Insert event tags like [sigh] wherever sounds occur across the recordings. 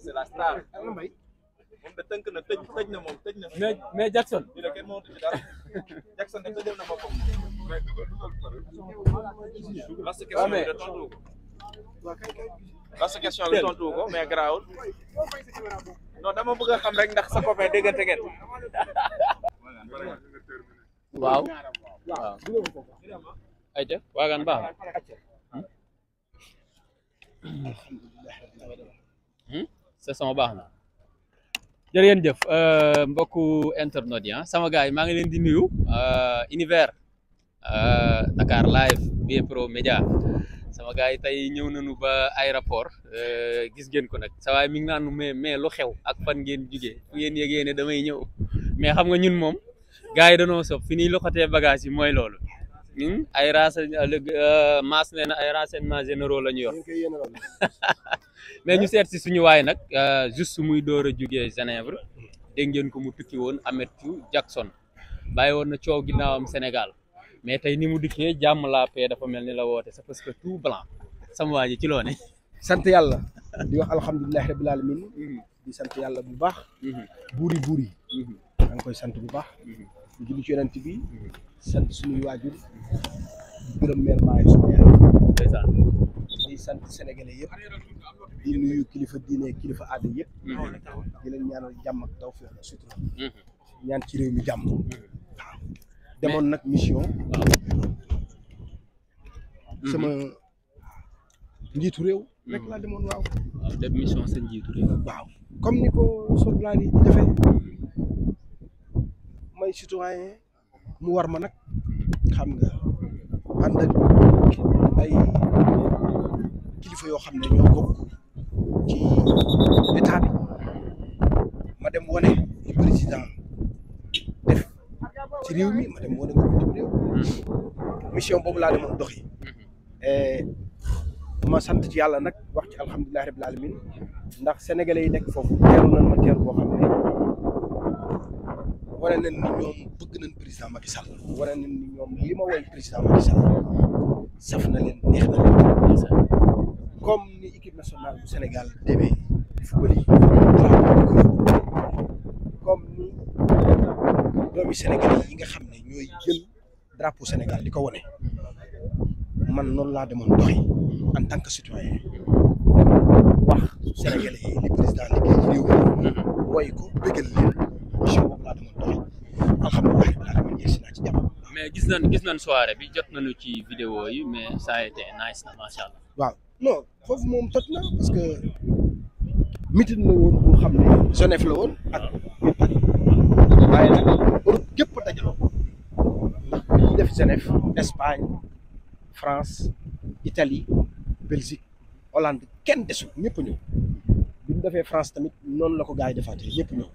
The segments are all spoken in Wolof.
c'est la star. moom de tënk na tëj tëj na moom tëj na. mais mais Jackson. ñu ne kenn mënut ci dara Jackson de tëjal na boppam. last question bi de tontu ko. last question bi tontu ko mais garaawul. non dama bëgg xam rek ndax sa copain déggante ngeen. waaw. waaw. ayca waagaan baax sama baax na jërë ngeen jëf mbokku internautes yi sama gars yi maa ngi leen di nuyu univers Dakar live Bprod Pro Média sama gars yi tey ñëw nañu ba aéroport gis ngeen ko nag sa mi ngi naan mais mais lu xew ak fan ngeen jugee fu ngeen yëgee ne damay ñëw mais xam nga ñun moom gars yi danoo sob fi ñuy loxatee bagage yi mooy loolu ay renseignements maas na ay renseignements généraux la ñu yor mais ñu seet si suñu waay nag euh, juste muy door a jugee Genève dégg ko mu tukki woon Ameth Jackson bàyyi woon na coow ginnaawam Sénégal mais tey ni mu dikkee jàmm laa paix dafa mel ni la woote sa parce que tout blanc sama waa ne sant yàlla di wax alhamdulilahi rabil alamin di sant yàlla bu baax buuri buuri da nga sant bu baax di julli ci yonent bi sant suñuy waajur suñu yaay yëpp di nuyu kilifa diine kilifa aada yëpp. Mhm. di leen ñaanal jàmm ak tawfeex ak sutura. Mhm. ñaan ci réew mi jàmm. Mhm. demoon nag mission. sama njiitu réew. rek laa demoon waaw. dem mission seen njiitu réew. waaw comme ni ko soldat yi di may citoyen mu war ma nag xam nga ànd ak ay kilifa yoo xam ne ñoo ci état ma dem wane ni président def ci réew mi ma dem wane ko bitim réew mission boobu laa demoon doxi eh, ma sant ci yàlla nag wax ci alhamdulilahi rabil alamin ndax sénégalais yi nekk foofu teeru nañ ma teeru boo xam ne wane nañ ni ñoom bëgg nañ président Macky Sall wane nañ ni ñoom li ma woy président Macky Sall saf na leen neex na leen Sénégal demee football yi comme ni doomi Sénégal yi nga xam ne ñooy jël drapeau Sénégal di ko wane man noonu laa demoon doxi en tant que citoyen wax Sénégalais yi li président liggéey ci réew mi woy ko bëggal leen mission boobu laa demoon doxi alhamdulilah rabbil alamin yegsi naa ci jàmm mais gis nañ gis nañ soirée bi jot nañu ci vidéo yi mais ça a été nice na macha allah waaw non foofu moom toj na parce que mitin la woon bu xam ne Genève la woon ak biir Paris waaye nag Europe gépp dajaloo ndax bi def Genève Espagne France Italie Belgique Hollande kenn desul ñëpp ñëw bi ñu defee France tamit noonu la ko gaa yi defaatee ñëpp ñëw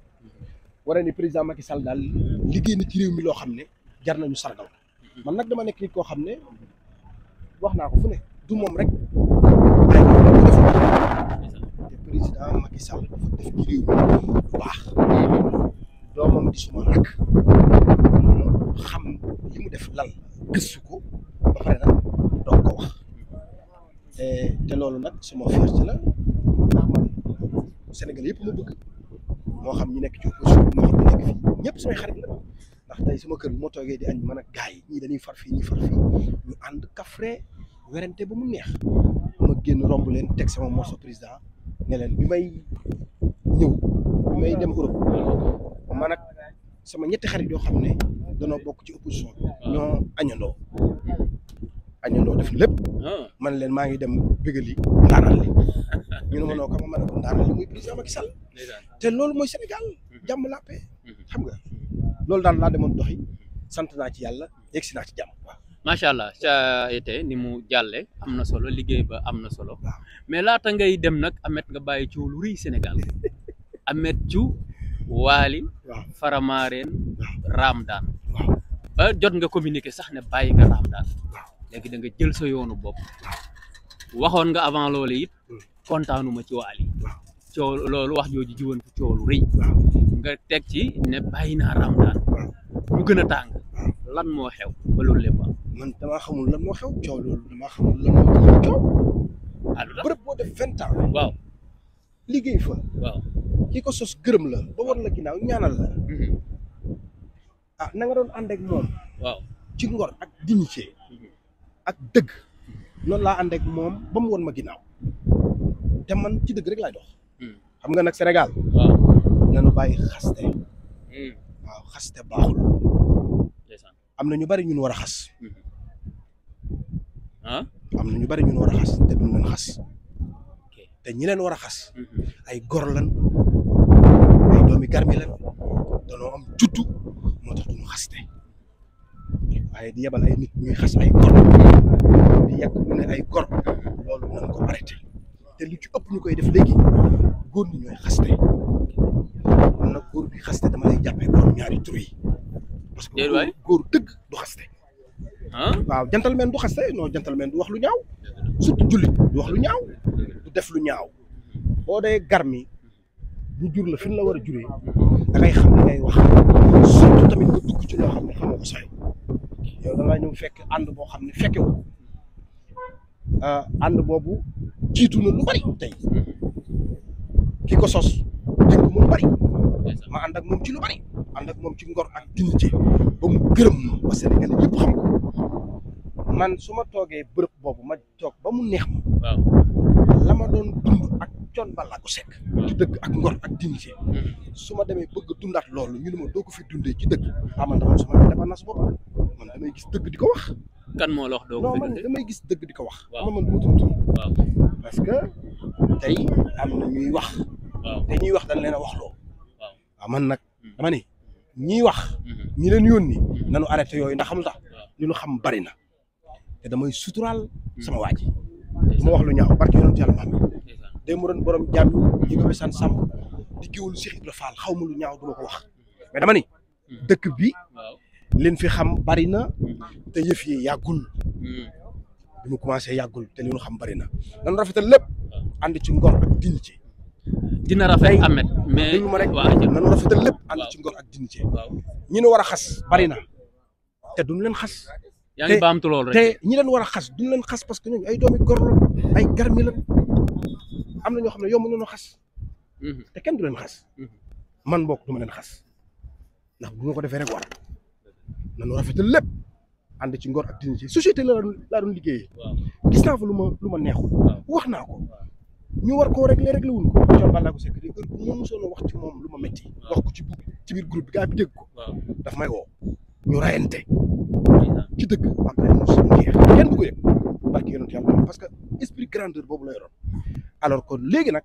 wara ni président Macky Sall daal liggéey na ci réew mi loo xam ne jar nañu sargal man nag dama nekk nit koo xam ne wax naa ko fu ne du moom rek président Macky Sall dafa def ci réew baax doomam di suma rakk xam li mu def lan gëstu ko ba pare nag doog ko wax eh, te loolu nag suma fierté la ndax man Sénégal yëpp ma bëgg moo xam ñu nekk ci opposition ñu nekk fii ñëpp samay xarit la ndax tey suma kër bi ma toogee di añ man ak gars yi ñii dañuy far fii ñu ànd kafre werante ba mu neex ma génn romb leen teg sama morceau président ne leen bi may ñëw bi may dem Europe man ak sama ñetti xarit yoo xam ne danoo bokk ci opposition ñoo añandoo añandoo def lépp man leen maa ngi dem bégal yi ndaaral ñu ne ma noo ko ma mën a ko ndaaral li muy te loolu mooy Sénégal jàmm la xam nga loolu daal laa demoon doxi sant naa ci yàlla yegsi naa ci jàmm waaw macha allah ca été ni mu jàlle am na solo liggéey ba am na solo mais laata ngay dem nag Ameth nga bàyyi ci lu rëy Sénégal Ameth [laughs] Thiou Waly Faramareen Ramdan ba jot nga communiqué sax ne bàyyi nga Ramdan léegi da nga jël sa yoonu bopp waxoon nga avant loolu it hmm. kontaanuma ci Waly coow loolu wax jooju jiwoon ci coow lu rëy nga teg ci ne bàyyi naa Ramdan mu gën a tàng lan moo xew ba loolu lépp man damaa xamul lan moo Ah, bërëb boo def vingt liggéey fa ki ko sos gërëm la ba war la ginnaaw ñaanal la mm-hmm. ah na nga doon ànd ak moom waaw ci ngor ak dignité mm-hmm. ak dëgg mm-hmm. noonu laa ànd moom ba mu woon ma ginnaaw te man ci dëgg rek laay dox mm. xam nga nag senegal waaw nanu bàyyi xaste mm. xaste baaxul am na ñu bari ñun war xas am ñu bari ñu war a xas te duñ leen xas te leen war a xas mhm. ay gor lan ay doomi garmi lan danoo am juddu moo tax duñu xaste waaye di yebal ay nit ñuy xas ay gor di yàq ñu ne ay gor loolu nañ lu koy def léegi góor ñi ñooy xaste man nag góor bi xaste dama lay jàppee ñaari tur yi góor dëgg du xaste waaw gentleman du xaste non gentleman du wax lu ñaaw surtout jullit du wax lu ñaaw du def lu ñaaw boo dee garmi ñu jur la fi la war a juree da xam ne ngay wax surtout tamit nga dugg ci loo xam ne xamoo ko sooy yow da fekk ànd boo xam ne fekke ah, ànd boobu jiitu na lu bari tey ki ko sos dañ ko mu bari ma ànd ak moom ci lu bari ànd ak moom ci ngor ak dignité ba mu xam ko man su ma toogee bërëb boobu ma toog ba neex ma. doon ak coon ba ko sekk. ci dëgg ak ngor ak dignité. Mm-hmm. su ma demee bëgg dundaat loolu ñu ma doo fi dundee ci dëgg. ah man ma defar naa su bopp man damay gis dëgg di damay gis dëgg di ko wax. ma tudd. waaw parce que tey am na ñuy wax. waaw te ñuy wax dañ leen a wax loo. waaw ah, man nag mm. dama ni. ñiy wax mhm. ñi leen yónni mhm. nañu arrêté yooyu ndax xam tax li ñu xam bari na te damay sutural mhm. sama waa ji ma wax lu ñaaw barke yonent yàlla ma day mu doon borom jàmm yi nga wesan sàmm di géwul Cheikh Ibra Fall xaw ma lu ñaaw du ma wax mais dama dëkk bi leen fi xam bari na te yëf yi yàggul bi mu yàggul te li ñu xam bari na nan rafetal lépp ànd ci ngor ak dignité dina rafet amet mais duñu ma rek nanu rafetal lépp ànd ci ngor ak dignité ñi nu war a xas bari na te duñ leen xas yaa ngi baamtu loolu te ñi leen war a xas duñ leen xas parce que ñooñu ay doomi gor ay garmi la am na ñoo xam ne yomb nañu xas mhm. te kenn du leen xas mhm. man bokk du ma leen xas ndax bu ko defee rek war nanu rafetal lépp ànd ci ngor ak dignité société la laa doon liggéeyee gis naa fa lu ma lu ma neexul wax naa ko ñu war koo réglé réglé wuñ ko Thione Ballago Seck di heure bu ma wax ci moom lu ma métti wax ko ci bu ci biir groupe bi gaa ko daf may woo ñu rayante ci dëkk après mu suñu jeex kenn du ko yëg barki yonent yàlla parce que esprit grandeur boobu la yoroon alors que léegi nag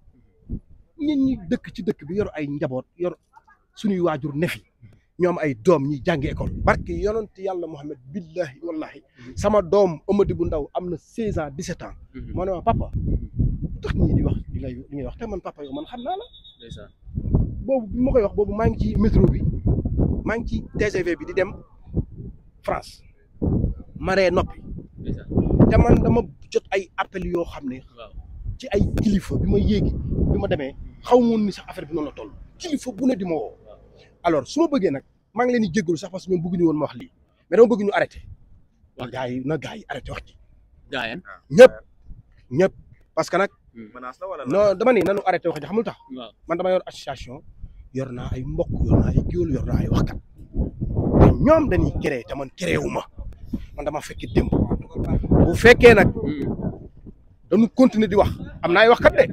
ñit ñi dëkk ci dëkk bi yor ay njaboot yor suñuy waajur nefi ñoom ay doom ñi jàngi école barki yonent yàlla Muhammad billahi wallahi mm-hmm. sama doom Amady bu ndaw am na seize ans dix-sept moo mm-hmm. ne ma papa mm-hmm. tax ñii di wax wax te man papa yow man xam naa la. ndeysaan boobu bi ma koy wax boobu maa ngi ci métro bi maa ngi ci TGV bi di dem France maree noppi. te man dama jot ay appel yoo xam ne. ci ay kilifa bi ma yéegi bi ma demee xaw moon ni sax affaire bi noonu la toll kilifa bu ne di ma woo. alors su ma bëggee nag maa ngi leen di jéggalu sax parce que ñoom bëgguñu wax lii bëgg ñu arrêté. wax na gars ah. nag. Hmm. menace la wala non dama ni nanu arrêté wax ji xamul tax. man dama yor association yor naa ay mbokk yor naa ay géwél yor naa ay waxkat te ñoom dañuy créé te man créé ma man dama fekk démb bu fekkee nag hmm. dañu continuer di wax am na ay waxkat de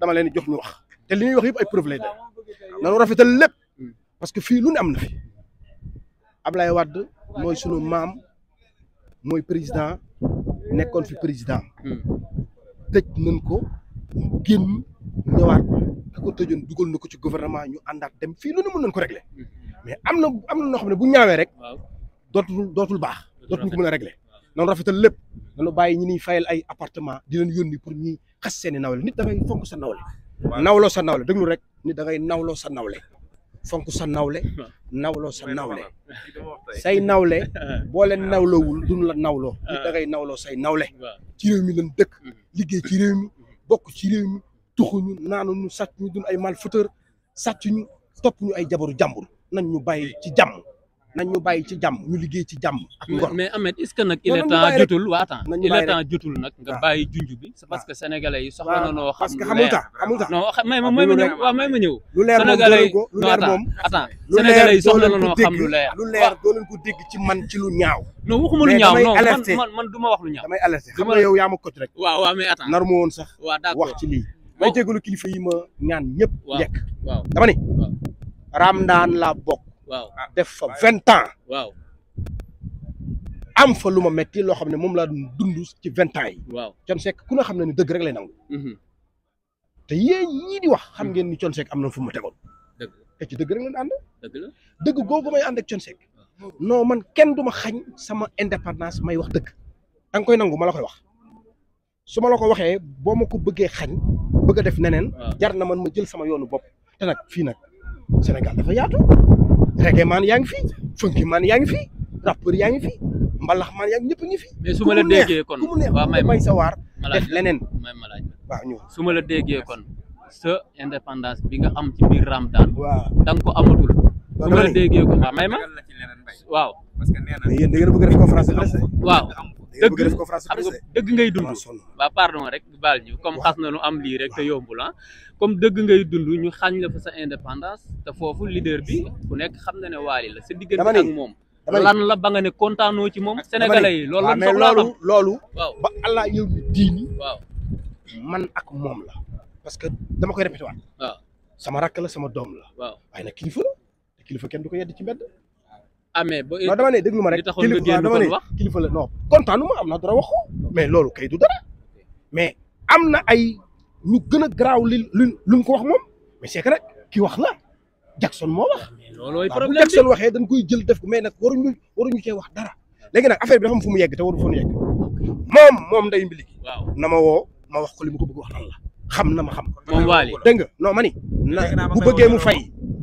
dama leen jox ñu wax te li ñuy wax yëpp ay preuve lay de nanu rafetal lép hmm. parce que fii lu ne am na fi Ablaye Wade mooy sunu maam mooy président nekkoon fi président. tëj nañ ko génn ñëwaat da ko tëjoon dugal na ko ci gouvernement ñu àndaat dem fii lu ne mën nañ ko régler mhm. mais am na am na noo xam ne bu ñaawee rek dootul dootul baax dootuñu ko mën a régler noonu rafetal lépp nanu bàyyi ñi ñuy fayal ay appartement di leen yónni pour ñuy xas seeni nawle nit da ngay fonk sa nawle nawloo sa nawle déglu rek nit da ngay nawloo sa nawle fonk sa nawle [laughs] nawloo sa nawle say nawle [laughs] boo leen nawlowul duñu la nawloo li da ngay say nawle ci réew mi lañ dëkk mhm. liggéey ci réew mi mhm. bokk ci réew mi tuxuñu naanuñu sàcc ñu duñ ay malfaiteur sàcc ñu topp ñu ay jabaru jàmbur nañ ñu bàyyi ci jàmm nañ ñu bàyyi ci jàmm ñu liggéey ci jàmm ak ngor mais Ahmed est-ce que nag il est temps jotul waa temps il est temps jotul nag nga ah. bàyyi junj bi c'est parce ah. que sénégalais yi soxla ah. na noo xam lu leer non may ma may ma ñëw waaw may ma ñëw lu leer lu leer moom attends sénégalais yi soxla na noo xam lu leer lu leer doo leen ci man ci lu ñaaw non waxuma lu ñaaw non man man ma wax lu ñaaw waaw mais attends nar ma woon sax waa d'accord wax ci lii may jégalu kilifa yi ma ñaan ñëpp lekk waaw raam ndaan laa bokk waaw ah, def fa vingt ans. waaw am fa lu ma metti loo xam ne moom laa dund ci vingt ans yi. waaw Thione Seck ku ne xam ne ni dëgg rek lay nangu. Mhm. te yéen ñii di wax xam mhm. ngeen ni Thione Seck am na fu ma tegoon. dëgg ci dëgg rek lañ ànd. dëgg la googu may ànd ak Thione ah. noo man kenn du ma xañ sama indépendance may wax dëgg. da koy nangu ma la koy wax su ma la ko waxee boo ma ko bëggee xañ bëgg def neneen. Ah. jar na man ma jël sama yoonu bopp te nag fii nag Sénégal dafa yaatu. reggae man yaa ngi fi funky man yaa ngi fi rappeur yaa ngi fi mbalax man yaa ngi ñëpp ngi fi. mais su ma déggee kon waaw may sa waar. def leneen may ma laaj su ma la déggee kon sa indépendance bi nga am ci biir Ramadan. waaw da nga ko amatul. su ma la déggee kon waaw may waaw. na yéen da ngeen bëgg waaw. dëgg xam nga dëgg ngay dund waa pardon rek baal ñu comme xas na nu am lii rek te la ah. comme dëgg ngay dund ñu xañ la fa sa indépendance te foofu leader bi ku nekk xam na ne Wally la sa diggante ak moom la ba nga ne kontaanoo ci moom sénégalais yi loolu lan soxla loolu loolu waaw ba allah yow diini waaw man ak moom la parce que dama koy répété waat waaw sama rakk la sama doom la waaw waaye nag kilifa la te kilifa kenn du ko yedd ci mbedd ah mais ba dama ne déglu ma rek kilifa dama ne kilifa la non kontaanu ma am na dara wax ko mais loolu kay du dara mais am na ay ñu gën a garaaw li luñ ko wax moom mais c'est que ki wax la Jackson moo wax. loolooy problème bi waxee dañ koy jël def ko nag waruñu waruñu cee wax dara léegi nag affaire bi dafa fu mu yegg te waru fu mu yegg moom moom mbili gi na ma woo ma wax ko li mu ko bëgg wax lan la xam na ma xam. moom waali dégg nga non ma ni. na bu bëggee mu fay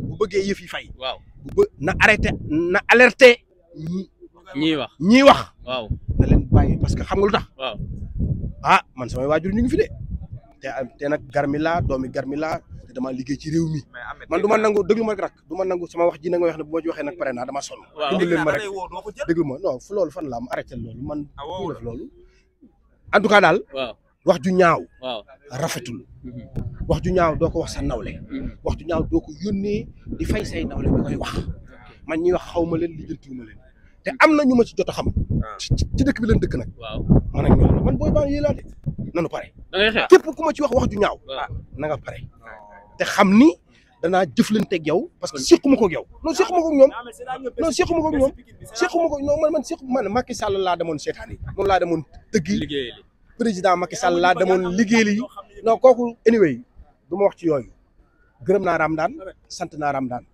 bu bëggee yëf yi fay waaw. na arrêté na alerté ñii wax ñii wax. waaw na leen que xam nga lu ah man samay waajur ñu ngi fi de. te te nag garmi laa doomi garmi laa te dama liggéey ci réew mi. man du ma nangu déglu ma rek rak du ma nangu sama wax ji na nga wax ne bu ma ci waxee pare naa dama sonn. waaw déglu leen ma rek déglu ma non fu loolu fan laa am arrêté loolu man. ah loolu. daal. wax ju ñaaw. waaw rafetul. wax ju ñaaw doo ko wax sa nawle. wax ju ñaaw doo ko yónnee di fay say nawle bi koy wax man ñuy wax xaw ma leen lijjantiwu ma leen te am na ñu ma ci jot a xam. Ah. ci dëkk bi leen dëkk nag. waaw man a ñoom man booy baax yéelaate. nanu pare. da ngay képp ku ma ci wax wax ju ñaaw. Ah, na nga pare. te xam ni danaa jëflanteeg yow parce que sequma ko ak yow non sequma ko ak ñoom non sequma ko ak ñoom sequma ko non man man sequma man Macky Sall laa demoon seetaan moom laa demoon tëggi président Macky Sall laa demoon liggéey yi non kooku anyway du ma wax ci yooyu gërëm naa daan ah sant naa Ramadane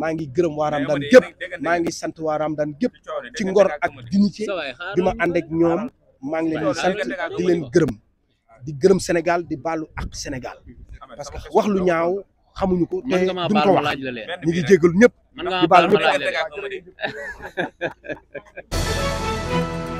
maa ngi gërëm waa Ramadane gépp maa ngi sant waa Ramadane gépp ci ngor ak dignité bi ma ànd ñoom maa ngi leen di sant di leen gërëm ah di gërëm Sénégal di baalu ak Sénégal ah parce que wax lu ñaaw xamuñu ko te duñ ko wax ñu ngi jégalu ñëpp di baalu ñëpp [laughs]